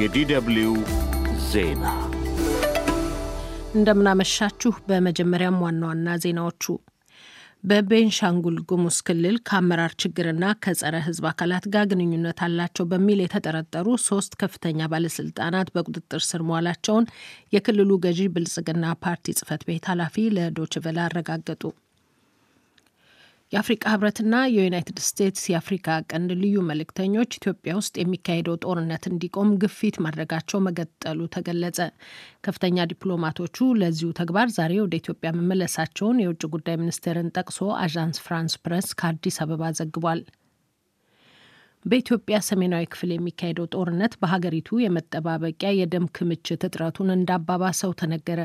የዲደብልዩ ዜና እንደምናመሻችሁ። በመጀመሪያም ዋና ዋና ዜናዎቹ በቤንሻንጉል ጉሙዝ ክልል ከአመራር ችግርና ከጸረ ሕዝብ አካላት ጋር ግንኙነት አላቸው በሚል የተጠረጠሩ ሶስት ከፍተኛ ባለስልጣናት በቁጥጥር ስር መዋላቸውን የክልሉ ገዢ ብልጽግና ፓርቲ ጽህፈት ቤት ኃላፊ ለዶችቨላ አረጋገጡ። የአፍሪቃ ህብረትና የዩናይትድ ስቴትስ የአፍሪካ ቀንድ ልዩ መልእክተኞች ኢትዮጵያ ውስጥ የሚካሄደው ጦርነት እንዲቆም ግፊት ማድረጋቸው መገጠሉ ተገለጸ። ከፍተኛ ዲፕሎማቶቹ ለዚሁ ተግባር ዛሬ ወደ ኢትዮጵያ መመለሳቸውን የውጭ ጉዳይ ሚኒስቴርን ጠቅሶ አዣንስ ፍራንስ ፕረስ ከአዲስ አበባ ዘግቧል። በኢትዮጵያ ሰሜናዊ ክፍል የሚካሄደው ጦርነት በሀገሪቱ የመጠባበቂያ የደም ክምችት እጥረቱን እንዳባባሰው ተነገረ።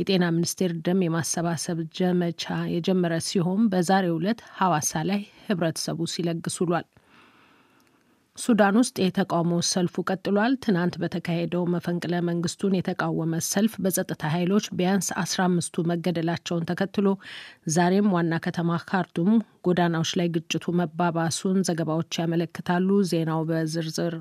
የጤና ሚኒስቴር ደም የማሰባሰብ ዘመቻ የጀመረ ሲሆን በዛሬው ዕለት ሐዋሳ ላይ ህብረተሰቡ ሲለግስ ውሏል። ሱዳን ውስጥ የተቃውሞ ሰልፉ ቀጥሏል። ትናንት በተካሄደው መፈንቅለ መንግስቱን የተቃወመ ሰልፍ በጸጥታ ኃይሎች ቢያንስ አስራ አምስቱ መገደላቸውን ተከትሎ ዛሬም ዋና ከተማ ካርቱም ጎዳናዎች ላይ ግጭቱ መባባሱን ዘገባዎች ያመለክታሉ። ዜናው በዝርዝር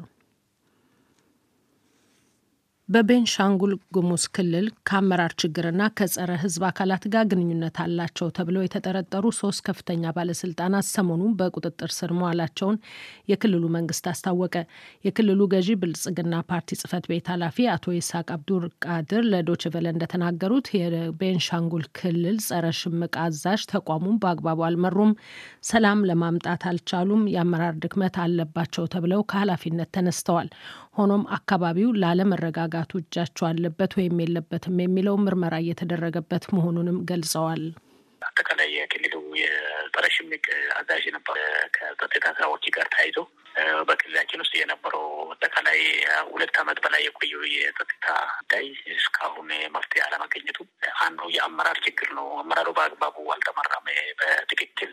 በቤንሻንጉል ጉሙዝ ክልል ከአመራር ችግርና ከጸረ ሕዝብ አካላት ጋር ግንኙነት አላቸው ተብለው የተጠረጠሩ ሶስት ከፍተኛ ባለስልጣናት ሰሞኑን በቁጥጥር ስር መዋላቸውን የክልሉ መንግስት አስታወቀ። የክልሉ ገዢ ብልጽግና ፓርቲ ጽህፈት ቤት ኃላፊ አቶ ይስሐቅ አብዱር ቃድር ለዶችቨለ እንደተናገሩት የቤንሻንጉል ክልል ጸረ ሽምቅ አዛዥ ተቋሙን በአግባቡ አልመሩም፣ ሰላም ለማምጣት አልቻሉም፣ የአመራር ድክመት አለባቸው ተብለው ከኃላፊነት ተነስተዋል። ሆኖም አካባቢው ላለመረጋጋት በመዋጋቱ እጃቸው አለበት ወይም የለበትም የሚለው ምርመራ እየተደረገበት መሆኑንም ገልጸዋል። አጠቃላይ የክልሉ የጸረ ሽምቅ አዛዥ ነበር። ከጸጥታ ስራዎች ጋር ተያይዞ በክልላችን ውስጥ የነበረው አጠቃላይ ሁለት ዓመት በላይ የቆየው የጸጥታ ጉዳይ እስካሁን መፍትሄ አለማገኘቱ አንዱ የአመራር ችግር ነው። አመራሩ በአግባቡ አልተመራም። በትክክል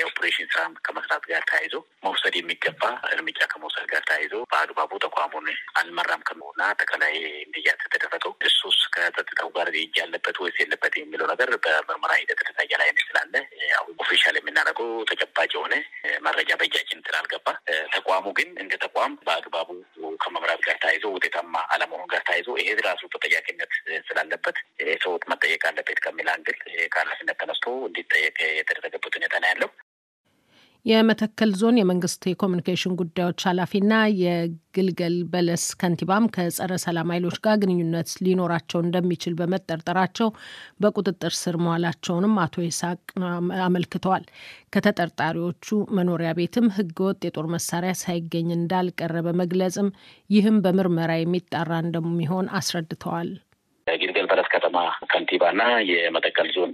የኦፕሬሽን ስራ ከመስራት ጋር ተያይዞ መውሰድ የሚገባ እርምጃ ከመውሰድ ጋር ተያይዞ በአግባቡ ተቋሙን አልመራም ከመሆና አጠቃላይ እንድያ ተደረገው እሱስ ከጸጥታው ጋር እጅ ያለበት ወይስ የለበት የሚለው ነገር በምርመራ ሂደት ልታያ ላይ ስላለ ኦፊሻል የምናደርገው ተጨባጭ የሆነ መረጃ በእጃችን ስላልገባ ተቋሙ ግን እንደ ተቋም በአግባቡ ከመምራት ጋር ተያይዞ ውጤታማ አለመሆን ጋር ተያይዞ ይሄ ራሱ ተጠያቂነት ስላለበት ሰዎች መጠየቅ አለበት ከሚል አንግል ከኃላፊነት ተነስቶ እንዲጠየቅ የተደረገበት ሁኔታ ነው ያለው። የመተከል ዞን የመንግስት የኮሚኒኬሽን ጉዳዮች ኃላፊና የግልገል በለስ ከንቲባም ከጸረ ሰላም ኃይሎች ጋር ግንኙነት ሊኖራቸው እንደሚችል በመጠርጠራቸው በቁጥጥር ስር መዋላቸውንም አቶ ይስሐቅ አመልክተዋል። ከተጠርጣሪዎቹ መኖሪያ ቤትም ህገወጥ የጦር መሳሪያ ሳይገኝ እንዳልቀረ በመግለጽም ይህም በምርመራ የሚጣራ እንደሚሆን አስረድተዋል። የግልገል በለስ ከተማ ከንቲባና የመተከል ዞን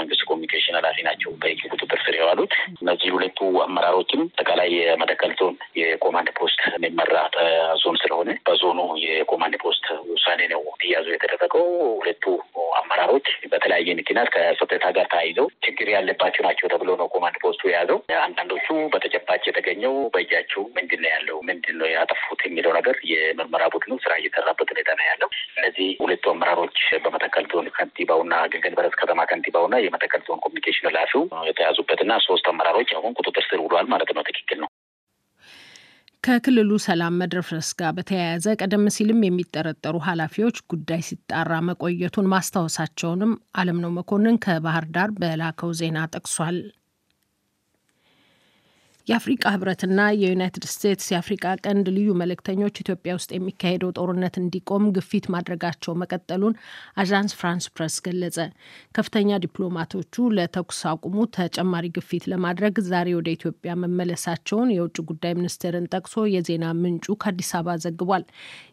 መንግስት ኮሚኒኬሽን ናቸው በልዩ ቁጥጥር ስር የዋሉት። እነዚህ ሁለቱ አመራሮችም አጠቃላይ የመተከል ዞን የኮማንድ ፖስት የሚመራ ዞን ስለሆነ በዞኑ የኮማንድ ፖስት ውሳኔ ነው እንዲያዙ የተደረገው። ሁለቱ አመራሮች በተለያየ ምክንያት ከጸጥታ ጋር ተያይዘው ችግር ያለባቸው ናቸው ተብሎ ነው ኮማንድ ፖስቱ የያዘው። አንዳንዶቹ በተጨባጭ የተገኘው በእጃቸው ምንድን ነው ያለው፣ ምንድን ነው ያጠፉት የሚለው ነገር የምርመራ ቡድኑ ስራ እየሰራበት ሁኔታ ነው ያለው። እነዚህ ሁለቱ አመራሮች በመተከል ዞን ከንቲባውና ግልገል በረስ ከተማ ከንቲባውና የመተከል ዞን ኮሚኒኬሽን ኃላፊው የተያዙበትና ሶስት አመራሮች አሁን ቁጥጥር ስር ውሏል ማለት ነው። ትክክል ነው። ከክልሉ ሰላም መደፍረስ ጋር በተያያዘ ቀደም ሲልም የሚጠረጠሩ ኃላፊዎች ጉዳይ ሲጣራ መቆየቱን ማስታወሳቸውንም አለም ነው መኮንን ከባህር ዳር በላከው ዜና ጠቅሷል። የአፍሪቃ ህብረትና የዩናይትድ ስቴትስ የአፍሪቃ ቀንድ ልዩ መልእክተኞች ኢትዮጵያ ውስጥ የሚካሄደው ጦርነት እንዲቆም ግፊት ማድረጋቸው መቀጠሉን አዣንስ ፍራንስ ፕረስ ገለጸ። ከፍተኛ ዲፕሎማቶቹ ለተኩስ አቁሙ ተጨማሪ ግፊት ለማድረግ ዛሬ ወደ ኢትዮጵያ መመለሳቸውን የውጭ ጉዳይ ሚኒስቴርን ጠቅሶ የዜና ምንጩ ከአዲስ አበባ ዘግቧል።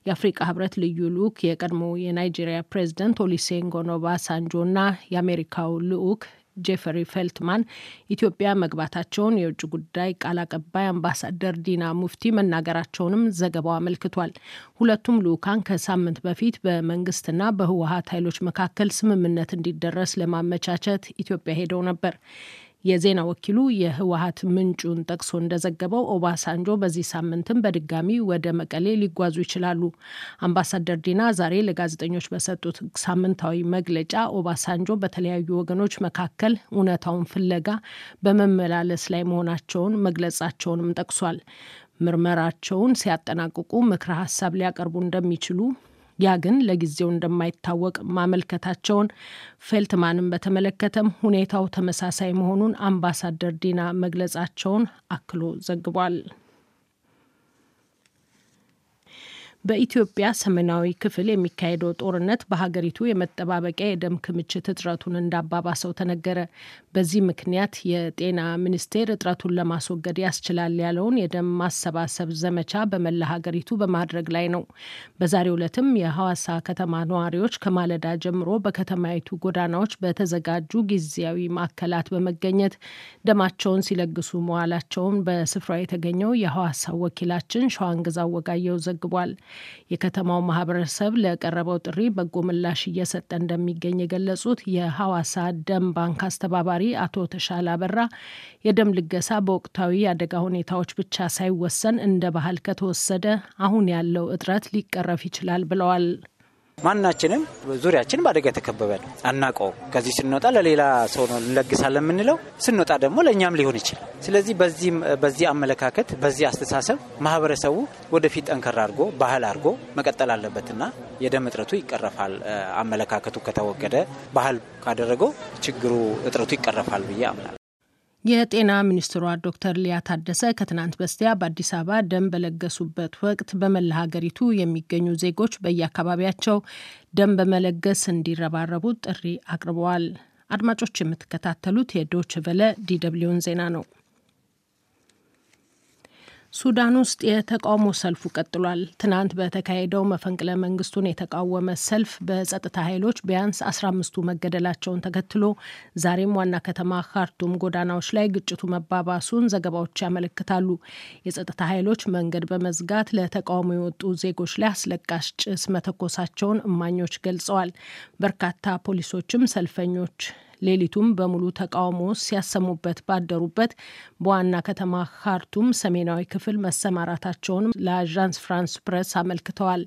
የአፍሪቃ ህብረት ልዩ ልዑክ የቀድሞ የናይጄሪያ ፕሬዚደንት ሳንጆ ኦባሳንጆና የአሜሪካው ልዑክ ጄፈሪ ፌልትማን ኢትዮጵያ መግባታቸውን የውጭ ጉዳይ ቃል አቀባይ አምባሳደር ዲና ሙፍቲ መናገራቸውንም ዘገባው አመልክቷል። ሁለቱም ልኡካን ከሳምንት በፊት በመንግስትና በህወሀት ኃይሎች መካከል ስምምነት እንዲደረስ ለማመቻቸት ኢትዮጵያ ሄደው ነበር። የዜና ወኪሉ የህወሀት ምንጩን ጠቅሶ እንደዘገበው ኦባሳንጆ በዚህ ሳምንትም በድጋሚ ወደ መቀሌ ሊጓዙ ይችላሉ። አምባሳደር ዲና ዛሬ ለጋዜጠኞች በሰጡት ሳምንታዊ መግለጫ ኦባሳንጆ በተለያዩ ወገኖች መካከል እውነታውን ፍለጋ በመመላለስ ላይ መሆናቸውን መግለጻቸውንም ጠቅሷል። ምርመራቸውን ሲያጠናቅቁ ምክረ ሀሳብ ሊያቀርቡ እንደሚችሉ ያ ግን ለጊዜው እንደማይታወቅ ማመልከታቸውን ፌልትማንን በተመለከተም ሁኔታው ተመሳሳይ መሆኑን አምባሳደር ዲና መግለጻቸውን አክሎ ዘግቧል። በኢትዮጵያ ሰሜናዊ ክፍል የሚካሄደው ጦርነት በሀገሪቱ የመጠባበቂያ የደም ክምችት እጥረቱን እንዳባባሰው ተነገረ። በዚህ ምክንያት የጤና ሚኒስቴር እጥረቱን ለማስወገድ ያስችላል ያለውን የደም ማሰባሰብ ዘመቻ በመላ ሀገሪቱ በማድረግ ላይ ነው። በዛሬው ዕለትም የሐዋሳ ከተማ ነዋሪዎች ከማለዳ ጀምሮ በከተማይቱ ጎዳናዎች በተዘጋጁ ጊዜያዊ ማዕከላት በመገኘት ደማቸውን ሲለግሱ መዋላቸውን በስፍራው የተገኘው የሐዋሳ ወኪላችን ሸዋንግዛ ወጋየው ዘግቧል። የከተማው ማህበረሰብ ለቀረበው ጥሪ በጎ ምላሽ እየሰጠ እንደሚገኝ የገለጹት የሐዋሳ ደም ባንክ አስተባባሪ አቶ ተሻለ አበራ የደም ልገሳ በወቅታዊ የአደጋ ሁኔታዎች ብቻ ሳይወሰን እንደ ባህል ከተወሰደ አሁን ያለው እጥረት ሊቀረፍ ይችላል ብለዋል። ማናችንም ዙሪያችን በአደጋ የተከበበ ነው፣ አናውቀውም። ከዚህ ስንወጣ ለሌላ ሰው ነው እንለግሳለን የምንለው፣ ስንወጣ ደግሞ ለእኛም ሊሆን ይችላል። ስለዚህ በዚህ አመለካከት፣ በዚህ አስተሳሰብ ማህበረሰቡ ወደፊት ጠንከር አድርጎ ባህል አድርጎ መቀጠል አለበትና የደም እጥረቱ ይቀረፋል። አመለካከቱ ከተወገደ፣ ባህል ካደረገው ችግሩ እጥረቱ ይቀረፋል ብዬ አምናል። የጤና ሚኒስትሯ ዶክተር ሊያ ታደሰ ከትናንት በስቲያ በአዲስ አበባ ደም በለገሱበት ወቅት በመላ ሀገሪቱ የሚገኙ ዜጎች በየአካባቢያቸው ደም በመለገስ እንዲረባረቡ ጥሪ አቅርበዋል። አድማጮች የምትከታተሉት የዶች ቨለ ዲደብሊውን ዜና ነው። ሱዳን ውስጥ የተቃውሞ ሰልፉ ቀጥሏል። ትናንት በተካሄደው መፈንቅለ መንግስቱን የተቃወመ ሰልፍ በጸጥታ ኃይሎች ቢያንስ አስራ አምስቱ መገደላቸውን ተከትሎ ዛሬም ዋና ከተማ ካርቱም ጎዳናዎች ላይ ግጭቱ መባባሱን ዘገባዎች ያመለክታሉ። የጸጥታ ኃይሎች መንገድ በመዝጋት ለተቃውሞ የወጡ ዜጎች ላይ አስለቃሽ ጭስ መተኮሳቸውን እማኞች ገልጸዋል። በርካታ ፖሊሶችም ሰልፈኞች ሌሊቱም በሙሉ ተቃውሞ ሲያሰሙበት ባደሩበት በዋና ከተማ ካርቱም ሰሜናዊ ክፍል መሰማራታቸውን ለአዣንስ ፍራንስ ፕሬስ አመልክተዋል።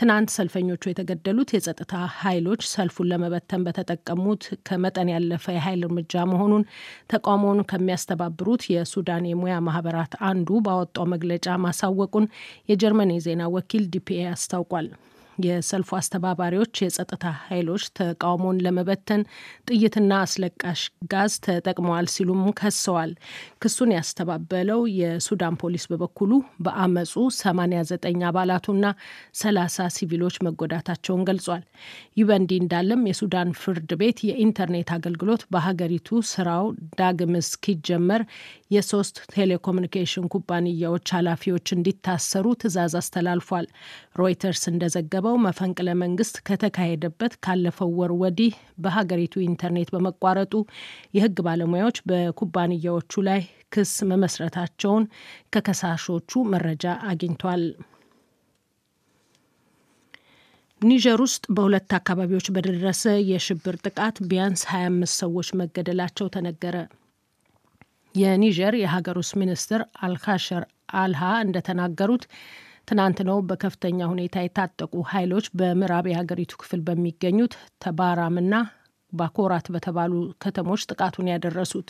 ትናንት ሰልፈኞቹ የተገደሉት የጸጥታ ኃይሎች ሰልፉን ለመበተን በተጠቀሙት ከመጠን ያለፈ የኃይል እርምጃ መሆኑን ተቃውሞውን ከሚያስተባብሩት የሱዳን የሙያ ማህበራት አንዱ ባወጣው መግለጫ ማሳወቁን የጀርመን የዜና ወኪል ዲፒኤ አስታውቋል። የሰልፉ አስተባባሪዎች የጸጥታ ኃይሎች ተቃውሞን ለመበተን ጥይትና አስለቃሽ ጋዝ ተጠቅመዋል ሲሉም ከሰዋል። ክሱን ያስተባበለው የሱዳን ፖሊስ በበኩሉ በአመፁ 89 አባላቱና 30 ሲቪሎች መጎዳታቸውን ገልጿል። ይህ በእንዲህ እንዳለም የሱዳን ፍርድ ቤት የኢንተርኔት አገልግሎት በሀገሪቱ ስራው ዳግም እስኪጀመር የሶስት ቴሌኮሙኒኬሽን ኩባንያዎች ኃላፊዎች እንዲታሰሩ ትዕዛዝ አስተላልፏል። ሮይተርስ እንደዘገበ እንደዘገበው መፈንቅለ መንግስት ከተካሄደበት ካለፈው ወር ወዲህ በሀገሪቱ ኢንተርኔት በመቋረጡ የህግ ባለሙያዎች በኩባንያዎቹ ላይ ክስ መመስረታቸውን ከከሳሾቹ መረጃ አግኝቷል። ኒጀር ውስጥ በሁለት አካባቢዎች በደረሰ የሽብር ጥቃት ቢያንስ 25 ሰዎች መገደላቸው ተነገረ። የኒጀር የሀገር ውስጥ ሚኒስትር አልካሸር አልሃ እንደተናገሩት ትናንት ነው በከፍተኛ ሁኔታ የታጠቁ ኃይሎች በምዕራብ የሀገሪቱ ክፍል በሚገኙት ተባራምና ባኮራት በተባሉ ከተሞች ጥቃቱን ያደረሱት።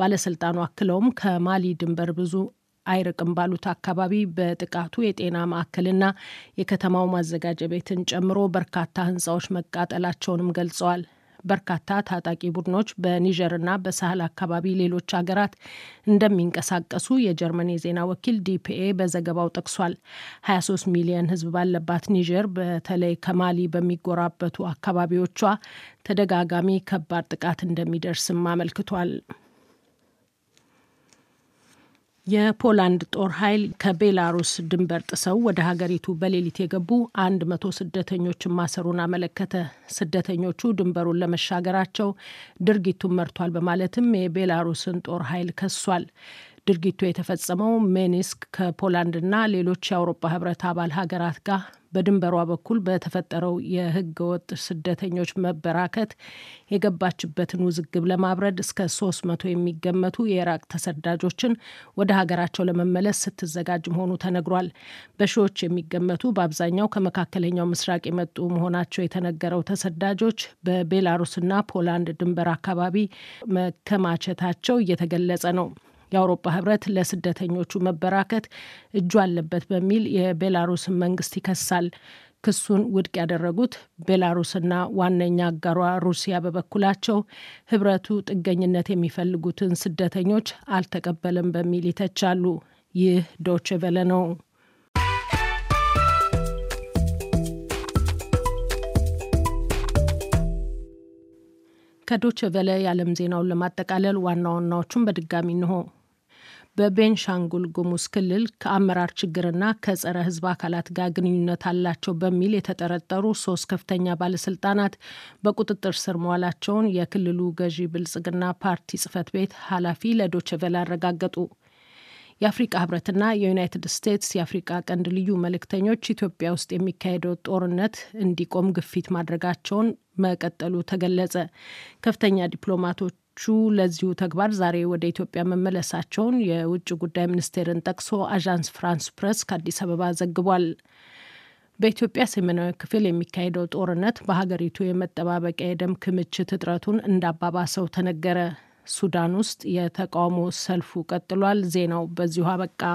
ባለስልጣኑ አክለውም ከማሊ ድንበር ብዙ አይርቅም ባሉት አካባቢ በጥቃቱ የጤና ማዕከልና የከተማው ማዘጋጃ ቤትን ጨምሮ በርካታ ህንፃዎች መቃጠላቸውንም ገልጸዋል። በርካታ ታጣቂ ቡድኖች በኒጀርና በሳህል አካባቢ ሌሎች ሀገራት እንደሚንቀሳቀሱ የጀርመን የዜና ወኪል ዲፒኤ በዘገባው ጠቅሷል። 23 ሚሊዮን ሕዝብ ባለባት ኒጀር በተለይ ከማሊ በሚጎራበቱ አካባቢዎቿ ተደጋጋሚ ከባድ ጥቃት እንደሚደርስም አመልክቷል። የፖላንድ ጦር ኃይል ከቤላሩስ ድንበር ጥሰው ወደ ሀገሪቱ በሌሊት የገቡ አንድ መቶ ስደተኞችን ማሰሩን አመለከተ። ስደተኞቹ ድንበሩን ለመሻገራቸው ድርጊቱን መርቷል በማለትም የቤላሩስን ጦር ኃይል ከሷል። ድርጊቱ የተፈጸመው ሜኒስክ ከፖላንድና ሌሎች የአውሮፓ ህብረት አባል ሀገራት ጋር በድንበሯ በኩል በተፈጠረው የህገ ወጥ ስደተኞች መበራከት የገባችበትን ውዝግብ ለማብረድ እስከ 300 መቶ የሚገመቱ የኢራቅ ተሰዳጆችን ወደ ሀገራቸው ለመመለስ ስትዘጋጅ መሆኑ ተነግሯል። በሺዎች የሚገመቱ በአብዛኛው ከመካከለኛው ምስራቅ የመጡ መሆናቸው የተነገረው ተሰዳጆች በቤላሩስና ፖላንድ ድንበር አካባቢ መከማቸታቸው እየተገለጸ ነው። የአውሮፓ ህብረት ለስደተኞቹ መበራከት እጁ አለበት በሚል የቤላሩስን መንግስት ይከሳል። ክሱን ውድቅ ያደረጉት ቤላሩስና ዋነኛ አጋሯ ሩሲያ በበኩላቸው ህብረቱ ጥገኝነት የሚፈልጉትን ስደተኞች አልተቀበለም በሚል ይተቻሉ። ይህ ዶቼ ቬለ ነው። ከዶቼ ቬለ የዓለም ዜናውን ለማጠቃለል ዋና ዋናዎቹን በድጋሚ እንሆ በቤንሻንጉል ጉሙዝ ክልል ከአመራር ችግርና ከጸረ ሕዝብ አካላት ጋር ግንኙነት አላቸው በሚል የተጠረጠሩ ሶስት ከፍተኛ ባለስልጣናት በቁጥጥር ስር መዋላቸውን የክልሉ ገዢ ብልጽግና ፓርቲ ጽህፈት ቤት ኃላፊ ለዶችቨል አረጋገጡ። የአፍሪቃ ህብረትና የዩናይትድ ስቴትስ የአፍሪቃ ቀንድ ልዩ መልእክተኞች ኢትዮጵያ ውስጥ የሚካሄደው ጦርነት እንዲቆም ግፊት ማድረጋቸውን መቀጠሉ ተገለጸ። ከፍተኛ ዲፕሎማቶች ለዚሁ ተግባር ዛሬ ወደ ኢትዮጵያ መመለሳቸውን የውጭ ጉዳይ ሚኒስቴርን ጠቅሶ አዣንስ ፍራንስ ፕረስ ከአዲስ አበባ ዘግቧል። በኢትዮጵያ ሰሜናዊ ክፍል የሚካሄደው ጦርነት በሀገሪቱ የመጠባበቂያ የደም ክምችት እጥረቱን እንዳባባሰው ተነገረ። ሱዳን ውስጥ የተቃውሞ ሰልፉ ቀጥሏል። ዜናው በዚሁ አበቃ።